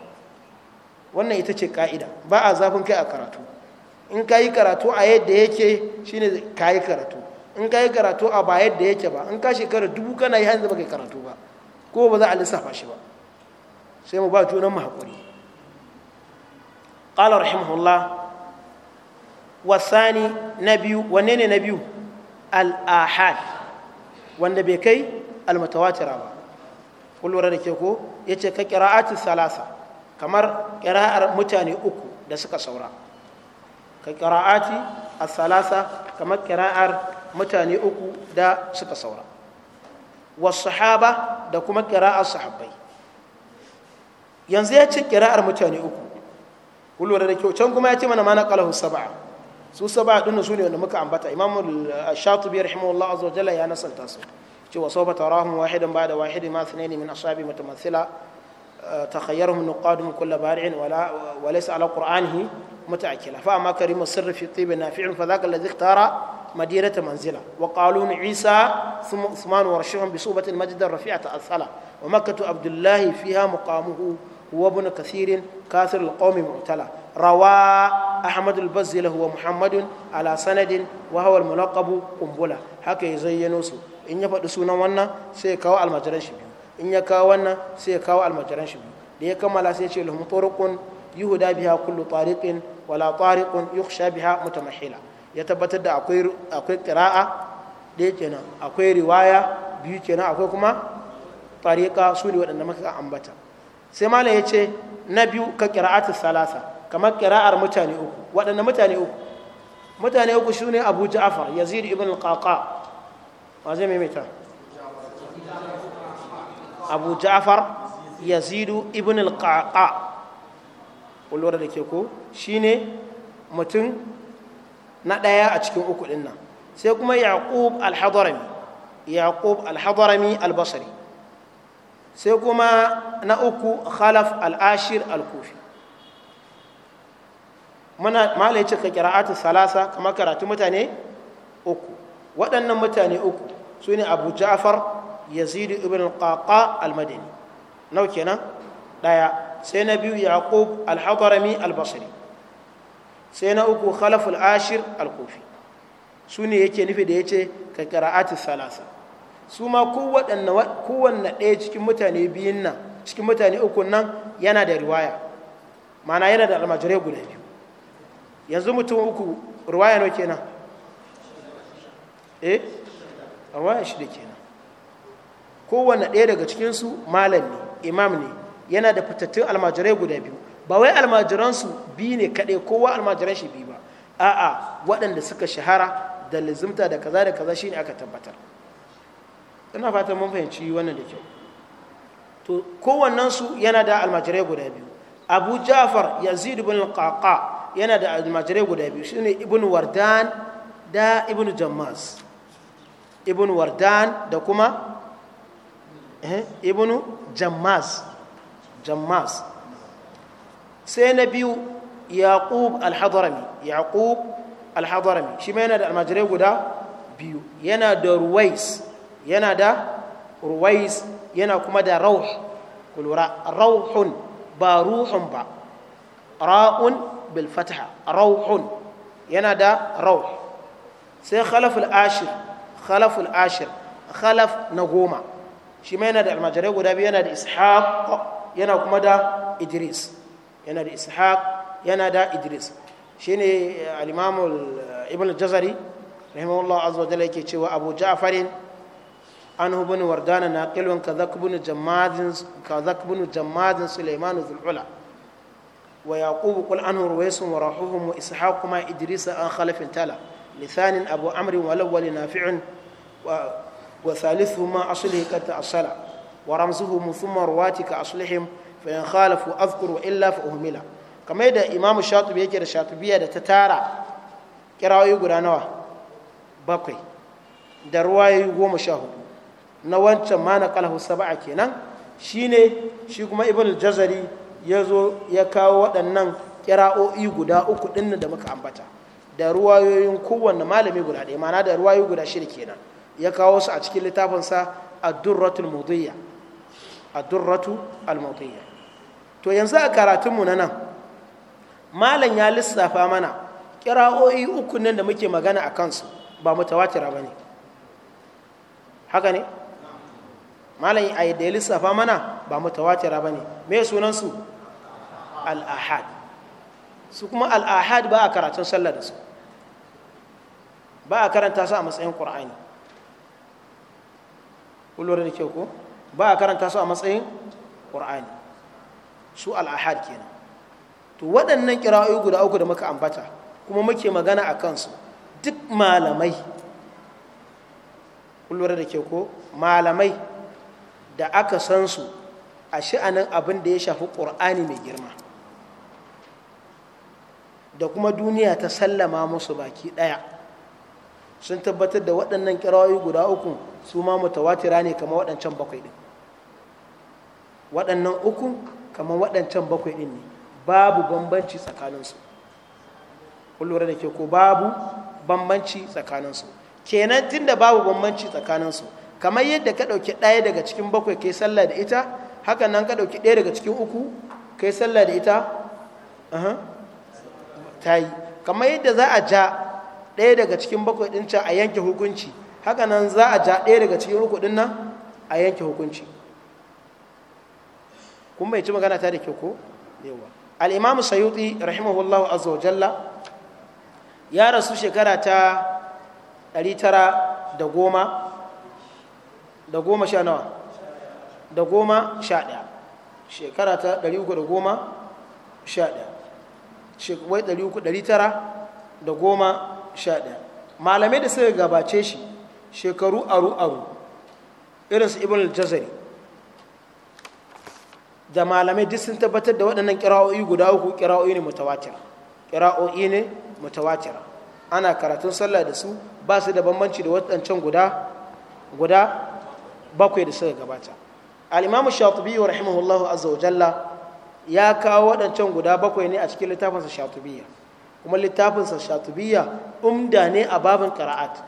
wannan ita ce ka'ida ba a zafin kai a karatu in ka yi karatu a yadda yake ne ka yi karatu in ka yi karatu a ba yadda yake ba in ka shekara dubu kana yi hanzu ba kai karatu ba ko ba za a lissafa shi ba sai mu ba junan mu haƙuri ƙalar rahimahullah wasani na biyu wanne ne na biyu al'ahad wanda bai kai almatawatira ba kun da ke ko ya ce ka ƙira'ati salasa kamar ƙira'ar mutane uku da suka saura ka ƙira'ati a salasa kamar ƙira'ar mutane uku da suka saura wasu sahaba da kuma ƙira'ar sahabbai yanzu ya ce kira'ar mutane uku kullum da kyau can kuma ya ce mana mana kalahu saba'a su saba'a ɗin su ne wanda muka ambata shatu biyar rahimahullah azza jalla ya nasanta su cewa sau ba tarahun wahidan ba da wahidi ma sunaini min ashabi mutamathila تخيرهم النقاد mu كل بارع ولا وليس على متأكلة فأما كريم السر في الطيب نافع فذاك الذي اختار مدينة منزلة وقالون عيسى ثم عثمان ورشهم بصوبة المجد الرفيعة أثلا ومكة عبد الله فيها مقامه هو ابن كثير كاثر القوم معتلى روى أحمد البزل هو محمد على سند وهو الملقب قنبلة هكا يزين إن يفد سونا ونا سيكاو المجران شبيو إن يكاو ونا سيكاو المجران شبيو ليكمل سيشي لهم طرق يهدى بها كل طريق wala tariqun yukhsha biha mutamahila ya tabbatar da akwai akwai qira'a ɗaya kenan akwai riwaya biyu kenan akwai kuma tariqa su ne waɗanda muka ambata sai malam ya ce na biyu ka qira'atu salasa kamar qira'ar mutane uku waɗanda mutane uku mutane uku shine Abu Ja'far Yazid ibn al-Qaqa wa zai mita Abu Ja'far Yazid ibn al-Qaqa kun lura da ke ko shine mutum na ɗaya a cikin uku ɗin nan sai kuma yaqub al-hadarami yaqub al-hadarami sai kuma na uku khalaf al-ashir muna malai cika kira'atu salasa kamar karatu mutane uku waɗannan mutane uku su ne abu ja'far yazidu ibn al-qaqa al-madani nau kenan ɗaya sai na biyu yaqub al hadrami al-basri sai na uku khalaf al-ashir al-kufi su ne yake nufi da yace ka qira'ati salasa su ma kowanne kowanne ɗaya cikin mutane biyun nan cikin mutane uku nan yana da riwaya ma'ana yana da almajirai guda biyu yanzu mutum uku riwaya nawa kenan eh riwaya shida kenan kowanne ɗaya daga cikinsu malam ne imam ne yana da fitattun almajirai guda biyu ba wai almajiransu biyu ne kaɗai kowa almajiran shi biyu ba a'a waɗanda suka shahara da lizimta da kaza da kaza shine aka tabbatar ina fatan mun fahimci wannan da kyau to kowannensu yana da almajirai guda biyu abu ja'far yazid ibn qaqa yana da almajirai guda biyu shine ibn wardan da ibn jammas ibn wardan da kuma eh, ibn jammas jammas sai na biyu yaqub al-hadrami yaqub al shi ma yana da almajirai guda biyu yana da ruwais yana da ruwais yana kuma da rauh kulura rauhun ba ruhun ba ra'un bil fataha rauhun yana da rauh sai khalaful ashir khalaful ashir khalaf na goma shi ma yana da almajirai guda biyu yana da ishaq yana kuma da idris yana da ishaq yana da idris shine eh, al-imam eh, ibn jazari rahimahullah azza wa yake cewa abu ja'farin An hubin wardana na kadhak bin jammadin kadhak jammadin sulaiman zulula wa yaqub qul an ruwaisun wa rahuhum wa ishaq ma idris an khalafin tala lisanin abu amr wal nafi'un wa ma thalithuma aslihi qad asala ورمزهم ثم رواتك أصلحهم فإن خالفوا أذكر وإلا فأهملا كما يدى إمام الشاطبي الشاطبي يجرى الشاطبية تتارى كراوي قرانوا بقي درواي قوم شاهد نوانت ما نقله سبعة كينا شيني شيكما ابن الجزري يزو يكاو ودنن kira'o'i guda uku ɗin da muka ambata da ruwayoyin kowanne malami guda ɗaya mana da ruwayoyi guda shida kenan ya kawo su a cikin littafinsa a durratul mudiyya Adurratu durratu to yanzu a karatunmu na nan malam ya lissafa mana kira'o'i uku nan da muke magana a kansu ba mutawatira bane haka ne malam ya da ya lissafa mana ba mutawatira bane me sunan su al-ahad su kuma al-ahad ba a karatun sallah da su ba a karanta su a matsayin qur'ani kullum da ke ko ba a karanta su a matsayin ƙur'ani su al'ahad kenan to waɗannan ƙira'ayi guda uku da muka ambata kuma muke magana a kansu duk malamai kullum da ke ko malamai da aka san su a sha'anin abin da ya shafi ƙur'ani mai girma da kuma duniya ta sallama musu baki ɗaya sun tabbatar da waɗannan ƙira'o'i guda uku su ma mutawatira ne kamar waɗancan bakwai ɗin waɗannan ukun kamar waɗancan bakwai ɗin ne babu bambanci tsakaninsu kun lura da ke ko babu bambanci tsakaninsu kenan tun da babu bambanci tsakaninsu kamar yadda ka ɗauki ɗaya daga cikin bakwai kai sallah da ita hakan nan ka ɗauki ɗaya daga cikin uku kai sallah da ita ta yi kamar yadda za a ja ɗaya daga cikin bakwai ɗin can a yanke hukunci haka nan za a ja ɗaya daga cikin uku ɗin nan a yanke hukunci kun bai ci magana ta da ke ko yawa al-imam sayyidi rahimahullahu azza wa ya rasu shekara ta 910 da goma sha nawa da goma sha ɗaya shekara ta 310 sha ɗaya wai 300 da goma sha ɗaya malamai da suka gabace shi shekaru aru-aru irinsu ibn al-jazari da malamai duk sun tabbatar da waɗannan kira'o'i guda uku kira'o'i ne mutawatir kira'o'i ne mutawatir ana karatun sallah da su ba su da bambanci da waɗancan guda guda bakwai da suka gabata al-imamu shatubi wa rahimahullahu azza wa jalla ya kawo waɗancan guda bakwai ne a cikin littafinsa shatubiya kuma littafinsa shatubiya umda ne a babin qira'at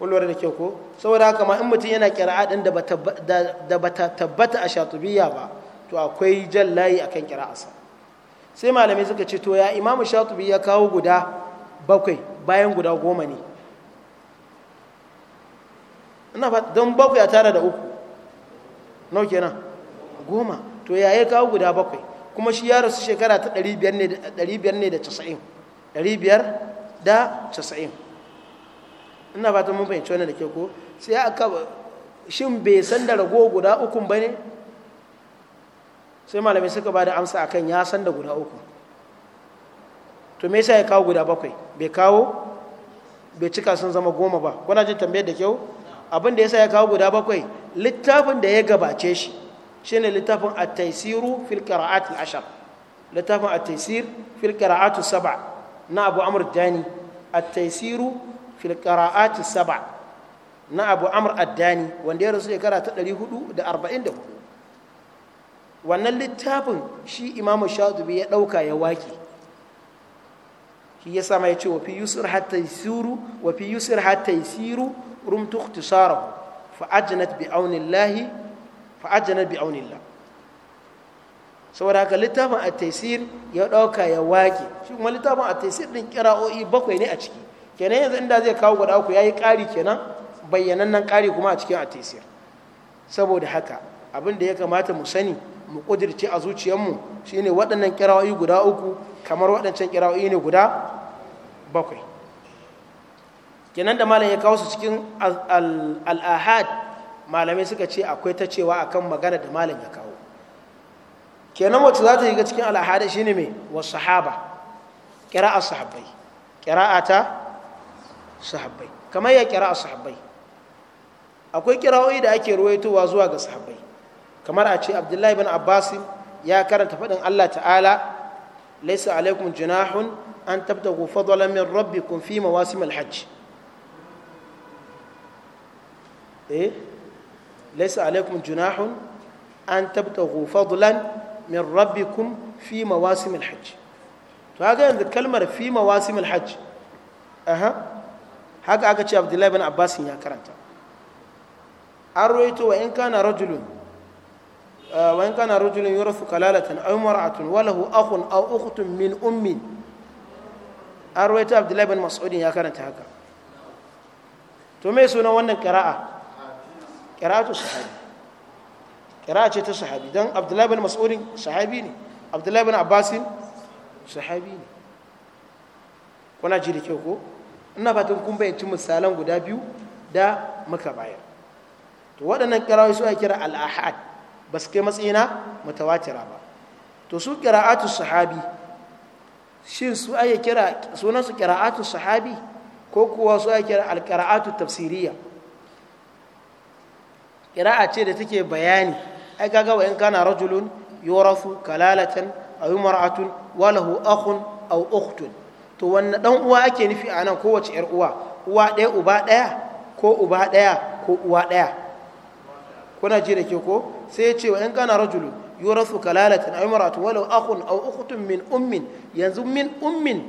kullum da kyau ko saboda haka ma in mutum yana kira'a din da bata tabbata a shatubiya ba to akwai jan layi akan kira'asa sai malamai suka ce to ya imamu shatubi ya kawo guda bakwai bayan guda goma ne ina don bakwai a tara da uku nau kenan goma to ya ya kawo guda bakwai kuma shi ya rasu shekara ta 500 ne da 90 ina fatan mun fahimci wannan da ke ko sai aka shin bai san da rago guda ukun ba ne sai malamai suka ba da amsa akan ya san da guda uku to me sai ya kawo guda bakwai bai kawo bai cika sun zama goma ba kuna jin tambayar da kyau abin da ya sai ya kawo guda bakwai littafin da ya gabace shi shine littafin at taisiru fil qira'at ashar littafin at taisir fil sab'a na Abu Amr Dani at taisiru fil qira'ati saba na Abu Amr Addani wanda ya rasu shekara ta 444 wannan littafin shi Imam Shatibi ya ɗauka ya waki shi ya ma yace wa fi yusr hatta yusuru wa fi yusr hatta yusiru rum tukhtisarahu fa ajnat bi aunillahi fa ajnat bi aunillah saboda haka littafin at-taysir ya ɗauka ya waki shi kuma littafin at-taysir din kira'o'i bakwai ne a ciki kenan yanzu inda zai kawo guda uku ya yi ƙari kenan bayyanannen ƙari kuma a cikin atisir saboda haka abin da ya kamata mu sani mu kudirce a zuciyarmu shine waɗannan kirawoyi guda uku kamar waɗancan kirawoyi ne guda bakwai kenan da malam ya kawo su cikin al'ahad malamai suka ce akwai ta cewa akan magana da malam ya kawo kenan wacce za ta yi ga cikin al'ahad shine mai wasu sahaba kira'a sahabbai kira'a ta sahabbai kamar ya kira a sahabbai akwai kira'o'i da ake ruwaitowa zuwa ga sahabbai kamar a ce abdullahi bin abbasim ya karanta faɗin allah ta'ala laisa alaikum junahun an tabtagu fadlan min rabbikum fi mawasim alhajj eh laisa alaikum junahun an tabtagu fadlan min rabbikum fi mawasim alhajj to haka yanzu kalmar fi mawasim alhajj aha haka aka ce abdullahi bin abbasin ya karanta an ruwaito wa in kana rajulun uh, wa in kana rajulun yurathu kalalatan aw mar'atun wa lahu akhun aw min ummin an ruwaito abdullahi bin mas'udin ya karanta haka to mai sunan wannan kiraa to sahabi qira'a ce ta sahabi don abdullahi bin mas'udin sahabi ne abdullahi bin abbasin sahabi ne kuna ji da kyau ko ina fatan kun bayyanci misalan guda biyu da muka bayar to waɗannan ƙirawoyi su kira al'ahad ba su kai na mutawatira ba to su ƙira'atu sahabi shin su ake kira sunan su ƙira'atu sahabi ko kuwa su ake kira al-ƙira'atu tafsiriya ƙira'a ce da take bayani ai kaga wa in kana rajulun yorafu kalalatan aw imra'atun wa lahu akhun aw ukhtun to wanne ɗan uwa ake nufi a nan kowace yar uwa uwa ɗaya uba ɗaya ko uba ɗaya ko uwa ɗaya kuna ji da ke ko sai ya ce wa 'yan kana rajulu yurasu kalalatin aw imratu walau akhun aw ukhtun min ummin yanzu min ummin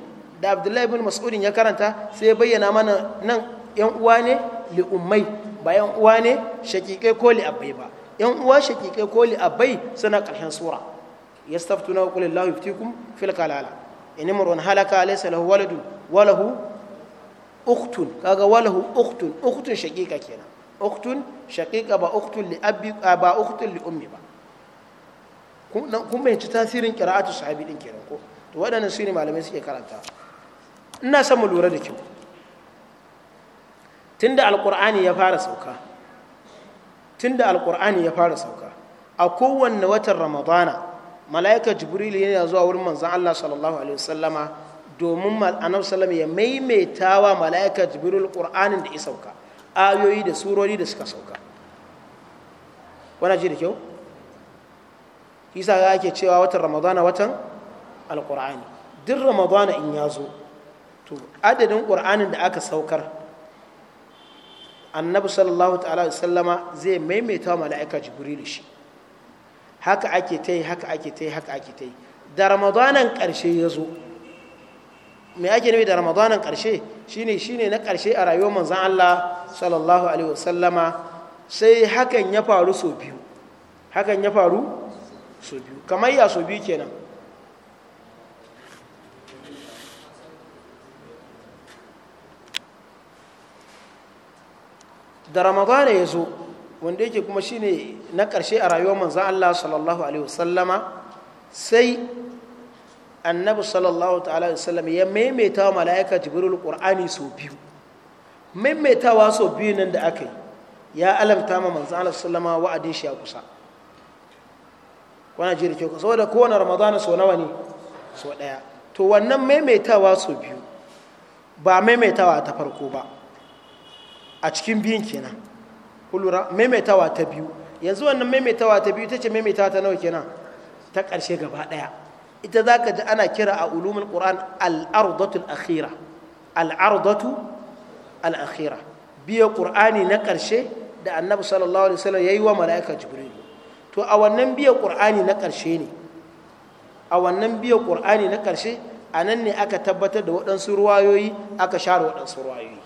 da abdullahi bin mas'udin ya karanta sai ya bayyana mana nan yan uwa ne li ummai ba yan uwa ne shakikai ko li ba yan uwa shakikai ko li suna ƙarshen sura yastaftuna qul illahu yuftikum fil kalala in imrun halaka laysa lahu waladu walahu ukhtun kaga walahu ukhtun ukhtun shaqiqa kenan uktun shaqiqa ba uktun li abi ba uktun li ummi ba kun bayanci tasirin qira'atu sahabi din kenan ko to waɗannan su ne malamai suke karanta ina son mu lura da kyau tunda alqur'ani ya fara sauka tunda alqur'ani ya fara sauka a kowanne watan ramadana mala'ika jibril yana zuwa wurin manzon Allah sallallahu alaihi wasallama domin annabi sallallahu ya maimaita wa mala'ika jibril qur'anin da ya sauka ayoyi da surori da suka sauka wannan ji da kyau isa ga ake cewa watan ramadana watan alqur'ani duk ramadana in ya zo to adadin qur'anin da aka saukar annabi sallallahu ta'ala sallama zai maimaita mala'ika jibril shi haka ake ta yi haka ake ta yi haka ake ta yi da ramadanan ƙarshe ya zo me ake nufi da ramadanan ƙarshe shine shine na ƙarshe a rayuwar manzan Allah sallallahu alaihi wasallama sai hakan ya faru so biyu hakan ya faru so biyu kamar ya so biyu kenan da ramadana ya zo wanda yake kuma shi ne na ƙarshe a rayuwar manzan Allah sallallahu alaihi wasallama sai annabi sallallahu alaihi wasallam ya maimaita wa mala'ika jibril qur'ani sau biyu maimaitawa sau biyu nan da aka yi ya alamta ma manzan Allah sallama wa'adin shi ya kusa kwana jiri kyau kusa wadda kowane ramadana sau nawa ne sau ɗaya to wannan maimaitawa sau biyu ba maimaitawa ta farko ba a cikin biyun kenan kulura maimaitawa ta biyu yanzu wannan maimaitawa ta biyu ta ce maimaitawa ta nawa kenan ta ƙarshe gaba ɗaya ita za ka ji ana kira a ulumin ƙuran al'ardatul akhira al'ardatu al'akhira biya ƙur'ani na ƙarshe da annabi sallallahu alaihi wasallam ya yi wa mala'ika jibril to a wannan biya ƙur'ani na ƙarshe ne a wannan biya ƙur'ani na ƙarshe a nan ne aka tabbatar da waɗansu ruwayoyi aka share waɗansu ruwayoyi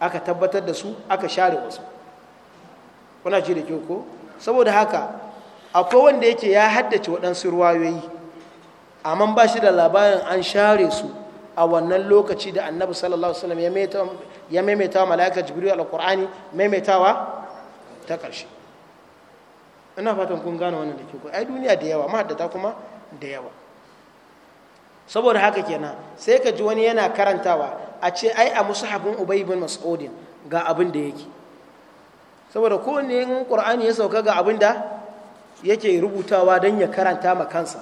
aka tabbatar da su aka share wasu kuna ce da kyoko ko saboda haka akwai wanda yake ya haddace waɗansu ruwayoyi amma ba shi da labarin an share su a wannan lokaci da annabi sallallahu alaihi wasallam ya maimaitawa mala'ika jibril alqur'ani maimaitawa ta ƙarshe ina fatan kun gane wannan da ke ai duniya da yawa mahaddata kuma da yawa saboda haka kenan sai ka ji wani yana karantawa a ce ai a musu musahafin ubay bin mas'udin ga abin da yake saboda kowanne yin ƙur'ani ya sauka ga abin da yake rubutawa don ya karanta ma kansa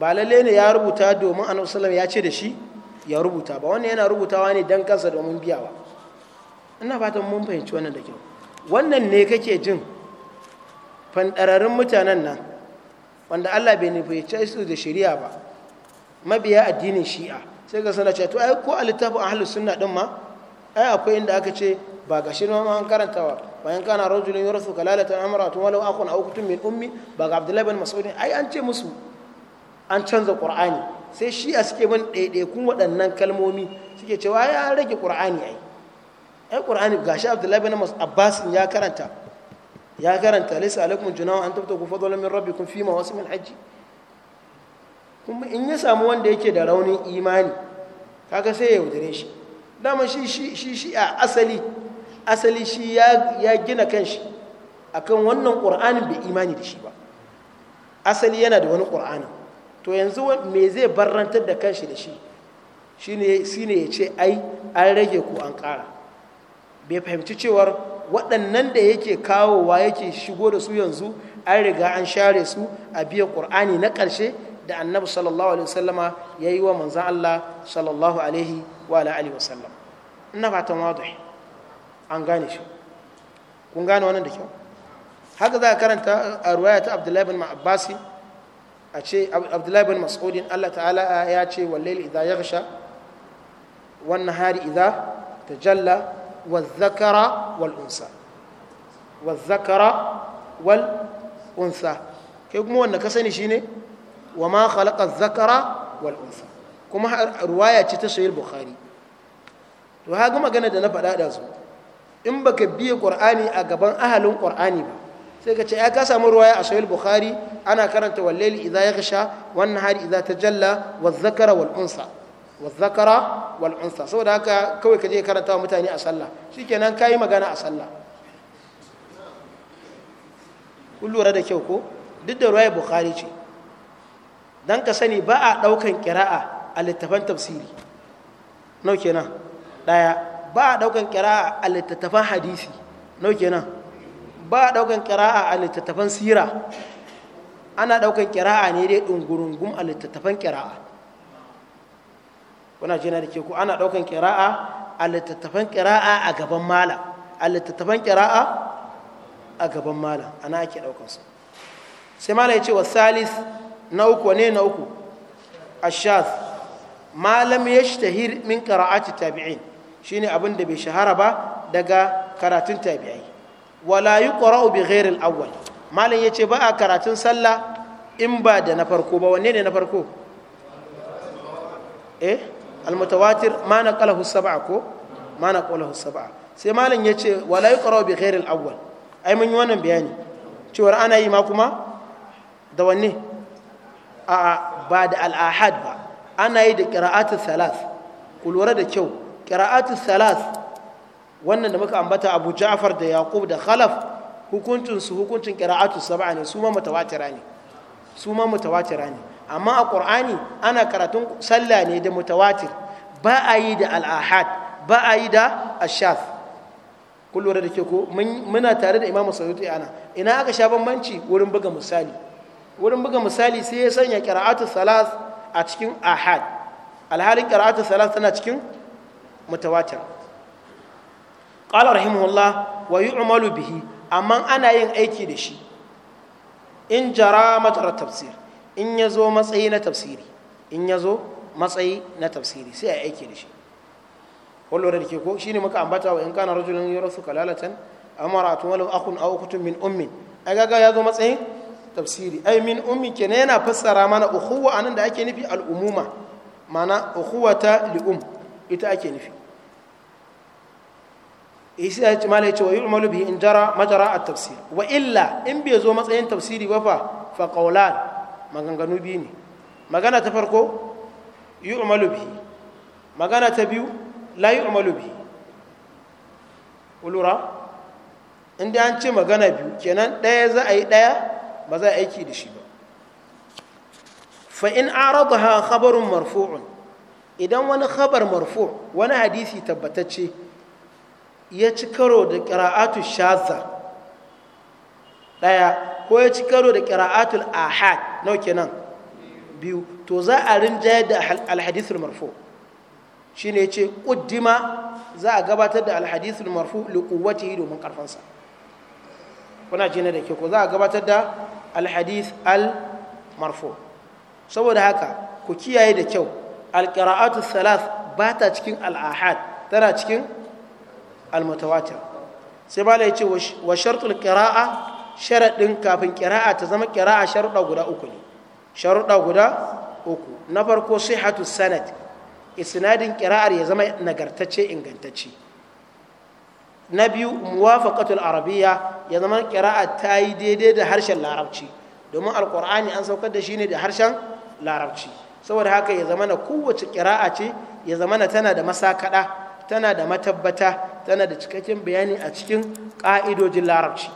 ba lalle ne ya rubuta domin annabi sallam ya ce da shi ya rubuta ba wannan yana rubutawa ne don kansa domin biyawa ina fatan mun fahimci wannan da kyau wannan ne kake jin fandararin mutanen nan wanda Allah bai nufi su da shari'a ba mabiya addinin shi'a sai ga sana cewa to ai ko a littafin ahlus sunna din ma ai akwai inda aka ce ba ga shirin an wa bayan kana rajulun yursu kalalatan tun walau akhun a hukutun min ummi ba ga abdullahi bin masaudin ai an ce musu an canza qur'ani sai shi a suke bin ɗaiɗaikun waɗannan kalmomi suke cewa ya rage qur'ani ai ai qur'ani gashi abdullahi bin abbas ya karanta ya karanta laysa alaikum junahu an ku fadlan min rabbikum fi ma wasimil hajji kuma in ya samu wanda yake da raunin imani kaga sai ya yaudare shi dama shi shi shi a asali asali shi ya gina kanshi akan wannan ƙur'anin bai imani da shi ba asali yana da wani ƙur'anin to yanzu me zai barrantar da kanshi da shi shi ne ya ce ai an rage ku an ƙara bai fahimci cewar waɗannan da yake kawowa yake shigo da su yanzu an riga an share su a biya ƙur'ani na ƙarshe da annabi sallallahu alaihi wasallama ya yi wa manzan Allah sallallahu alaihi wa wasallam ina fatan wadahi an gane shi kun gane wannan da kyau haka za a karanta a ruwaya ta abdullahi bin abbasi a ce abdullahi bin mas'udin allah ta'ala ya ce wallail idha yaghsha wan nahari idha jalla wa zakara wal unsa wa zakara wal unsa kai kuma wanda ka sani shine wa ma khalaqa zakara wal unsa kuma ruwaya ce ta sahih bukhari to ha ga magana da na faɗa da su in baka biye qur'ani a gaban ahalin qur'ani ba sai ka ce ya ka samu ruwaya a sahih bukhari ana karanta wallail idza yaghsha wannan nahari idza tajalla waz zakara wal unsa waz zakara wal unsa saboda haka kawai ka je karanta wa mutane a sallah shikenan yi magana a sallah kun lura da kyau ko duk da ruwaya bukhari ce dan ka sani ba a ɗaukan ƙira'a a littafan tafsiri nau kenan ɗaya. ba a ɗaukan ƙira'a a littattafan hadisi nau kenan ba a ɗaukan ƙira'a a littattafan sira ana ɗaukan ƙira'a ne dai ɗungurungum a littattafan ƙira'a kuna jina na da ke ku ana ɗaukan ƙira'a a littattafan ƙira'a a gaban mala a littattafan ƙira'a a gaban mala ana ake su sai mala ya ce wa salis na uku ne na uku ashaz malam ya shtahir min ƙira'ati tabi'in ne abin da bai shahara ba daga karatun tabi'ai wala yuqra'u bi ghairi al-awwal malam ce ba a karatun sallah in ba da na farko ba wanne ne na farko eh al-mutawatir ma naqalahu sab'a ko ma naqalahu sab'a sai malam yace wala yuqra'u bi ghairi al-awwal ai mun yi wannan bayani cewar ana yi ma kuma da wanne a ba da al ba ana yi da qira'atu salas ku lura da kyau qira'atu salas wannan da muka ambata Abu Ja'far da Yaqub da Khalaf hukuncin su hukuncin qira'atu sab'a ne su ma mutawatira ne su ma mutawatira ne amma a ƙur'ani ana karatun sallah ne da mutawatir ba a yi da al'ahad ba a yi da ashaf kullu da ke ko muna tare da Imam Sayyidu ana ina aka sha bambanci wurin buga misali wurin buga misali sai ya sanya qira'atu salas a cikin ahad alhalin qira'atu salas tana cikin mutawatir qala rahimahullah wa yu'malu bihi amma ana yin aiki da shi in jara matar tafsir in ya zo matsayi na tafsiri in ya zo matsayi na tafsiri sai a aiki da shi wallo da ke ko shine muka ambata wa in kana rajulun yarasu kalalatan amara tun walau akun aw ukutun min ummin ai gaga ya zo matsayin tafsiri ai min ummi kenan yana fassara mana a nan da ake nufi al'umuma mana ukhuwata ta li'um ita ake nufi isa ya ci malai cewa yu'malu bihi in jara majara a tafsir wa illa in bai zo matsayin tafsiri ba fa fa qawlan maganganu biyu ne magana ta farko yi yu'malu bihi magana ta biyu la yi yu'malu bihi ulura inda an ce magana biyu kenan ɗaya za a yi ɗaya ba za a aiki da shi ba fa in aradaha khabarun marfu'un idan wani khabar marfu' wani hadisi tabbatacce ya ci karo da ƙira'atu shaza ɗaya ko ya ci karo da kira'atu ahad nau kenan biyu to za a rinjaye da alhadithul marfu shi ne ce ƙuddima za a gabatar da alhadithul marfu liƙuwati domin ƙarfansa kuna jina da ke ko za a gabatar da alhadith al marfu saboda haka ku kiyaye da kyau alƙira'atu salas ba ta cikin al'ahad tana cikin almutawatir sai bala ya ce wa shartul kira'a sharaɗin kafin kira'a ta zama kira'a sharuɗa guda uku ne sharuɗa guda uku na farko sihhatu sanad isnadin qira'ar ya zama nagartacce ingantacce na biyu muwafaqatul arabiyya ya zama kira'a ta yi daidai da harshen larabci domin Alƙur'ani an saukar da shi ne da harshen larabci saboda haka ya zama na kowace kira'a ce ya zama na tana da masakaɗa tana da matabbata tana da cikakken bayani a cikin ƙa'idojin larabci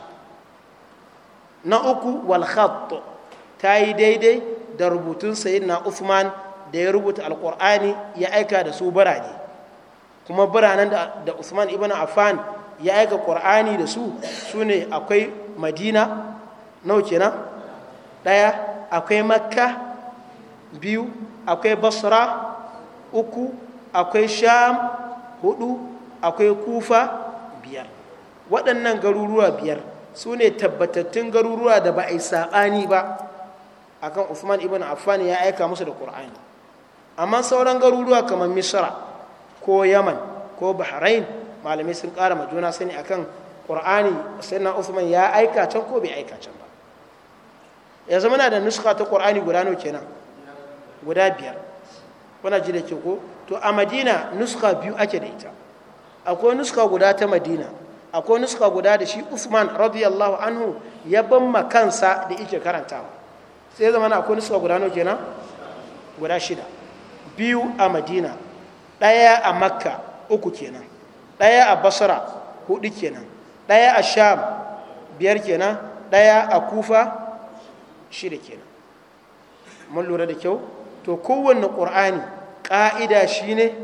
na uku wal ta yi daidai da rubutun na Uthman da ya rubuta alkur'ani ya aika da su birane kuma biranen da Usman ibn Affan ya aika ƙur'ani da su su ne akwai madina nau kenan ɗaya akwai makka biyu akwai basra uku akwai sham hudu akwai kufa biyar waɗannan garuruwa biyar su ne tabbatattun garuruwa da ba a yi saɓani ba akan Uthman ibn Affan ya aika musu da ƙur'ani amma sauran garuruwa kamar Misra ko Yaman ko Bahrain malamai sun ƙara ma juna sani akan sai na Uthman ya aika can ko bai aika can ba yanzu muna da nuska ta ƙur'ani guda nau kenan guda biyar kuna ji da ke ko to a madina nuska biyu ake da ita akwai nuska guda ta madina akwai nuska guda da shi usman radiyallahu anhu ya ban makansa da ike karantawa sai zama na akwai nuska guda nau kenan guda shida biyu a madina ɗaya a makka uku kenan ɗaya a basra hudu kenan ɗaya a sham biyar kenan ɗaya a kufa shida kenan mun lura da kyau to kowanne ƙur'ani ƙa'ida shi ne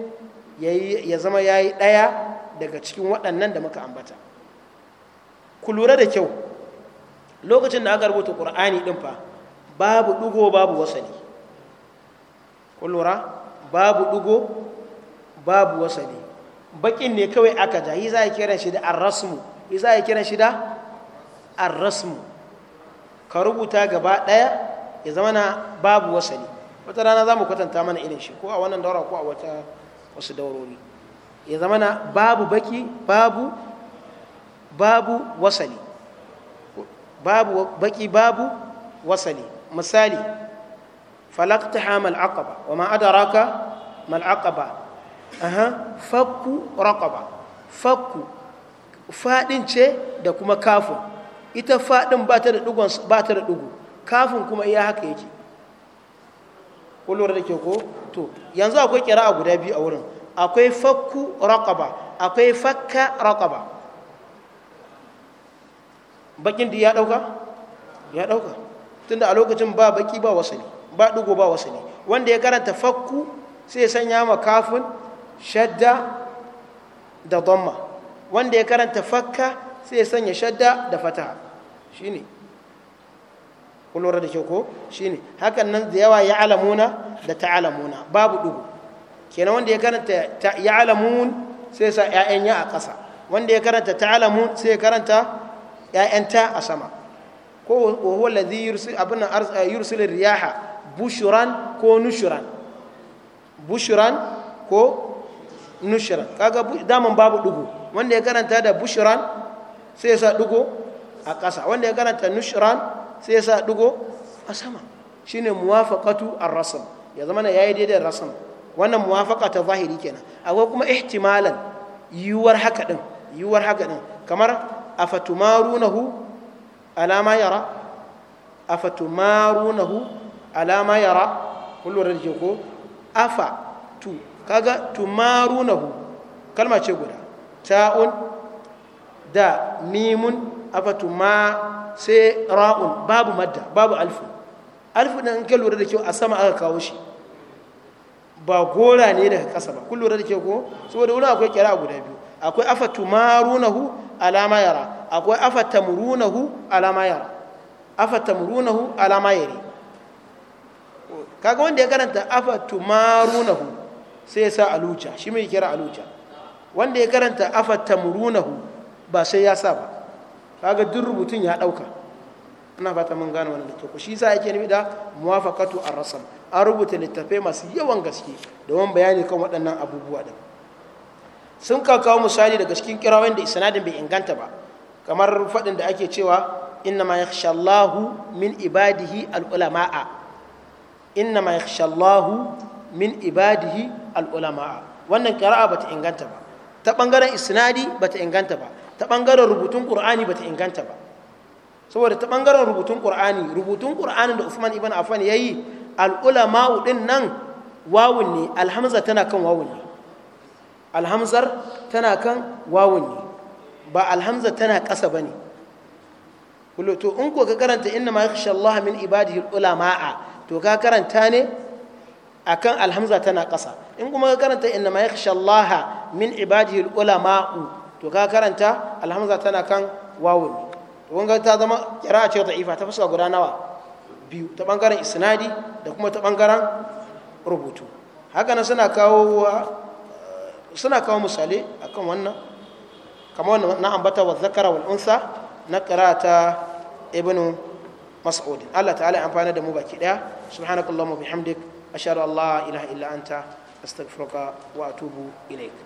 ya zama ya yi ɗaya daga cikin waɗannan da muka ambata ku lura da kyau lokacin da aka rubuta ƙur'ani ɗin fa babu ɗugo babu wasali ku lura babu ɗugo babu wasali baƙin ne kawai aka ja yi za a kiran shi da arrasmu yi za a kiran shi da arrasmu ka rubuta gaba ɗaya ya zama na babu wasali wata rana za mu kwatanta mana irin shi ko a wannan daura ko a wata wasu daurori ya zama na babu baki babu babu wasali babu baki babu wasali misali falakta hamal aqaba wa ma adaraka mal aqaba aha fakku raqaba fakku fadin ce da kuma kafin ita fadin ba ta da dugu kafin kuma iya haka yake kullum da ke ko to yanzu akwai a guda biyu a wurin akwai fakku raqaba akwai fakka raqaba bakin da ya dauka ya dauka tunda a lokacin ba baki ba wasali ba dugo ba wasali wanda ya karanta fakku sai ya sanya ma kafin shadda da dhamma wanda ya karanta fakka sai ya sanya shadda da fataha shine kun lura da ke ko shine hakan nan da yawa ya'lamuna da ta'lamuna babu dugu kenan wanda ya karanta ya'lamun sai sa 'ya'yan ya a ƙasa wanda ya karanta ta'lamun sai ya karanta 'ya'yan ta a sama ko huwa alladhi yursil abun eh, yursil riyaha bushuran ko nushuran bushuran ko nushuran kaga daman babu dugu wanda ya karanta da bushuran sai ya sa dugu a ƙasa wanda ya karanta nushuran sai ya sa ɗigo a sama shine muwafaqatu ar-rasm ya zama na yayi daidai rasm wannan muwafaqa ta zahiri kenan akwai kuma ihtimalan yiwuwar haka din yiwuwar haka din kamar a na hu alama yara a na hu alama yara kullu da ke ko afa tu kaga na hu kalma ce guda ta'un da mimun ma sai ra'un babu madda babu alfu alfu ɗin in lura da kyau a sama aka kawo shi ba gora ne daga ƙasa ba kun lura da kyau ko saboda wurin akwai kira guda biyu akwai runahu alama yara akwai afatamrunahu alama yara afatamrunahu alama yari kaga wanda ya karanta runahu sai ya sa aluja shi mai kira aluja wanda ya karanta afatamurunahu ba sai ya sa ba kaga duk rubutun ya dauka ina fata mun gane wannan da shi yasa yake nufi da muwafaqatu ar-rasm an rubuta littafai masu yawan gaske domin bayani kan waɗannan abubuwa din sun kawo misali daga cikin kirawoyin da isnadin bai inganta ba kamar faɗin da ake cewa inna ma yakhsha Allahu min ibadihi al-ulama'a inna ma yakhsha min ibadihi al-ulama'a wannan qira'a bata inganta ba ta bangaren isnadi bata inganta ba ta ɓangaren rubutun ƙur'ani ba ta inganta ba saboda ta ɓangaren rubutun ƙur'ani rubutun ƙur'ani da usman ibn affan ya yi al'ulama'u ɗin nan wawun ne alhamzar tana kan wawun ne alhamzar tana kan wawun ne ba alhamzar tana ƙasa ba ne to in ko ka karanta inna ma yakhsha Allah min ibadihi ulama'a to ka karanta ne akan alhamza tana ƙasa in kuma ka karanta inna ma yakhsha Allah min ibadihi ulama'u to ka karanta alhamza tana kan to kun ga ta zama kira ce ifa ta fuska guda nawa biyu ta bangaren isnadi da kuma ta bangaren rubutu haka nan suna kawo suna kawo misali akan wannan kamar wannan na ambata wa zakara wal unsa na karata ibnu mas'ud Allah ta'ala amfana da mu baki daya subhanakallahumma bihamdik ashhadu an la ilaha illa anta astaghfiruka wa atubu ilaik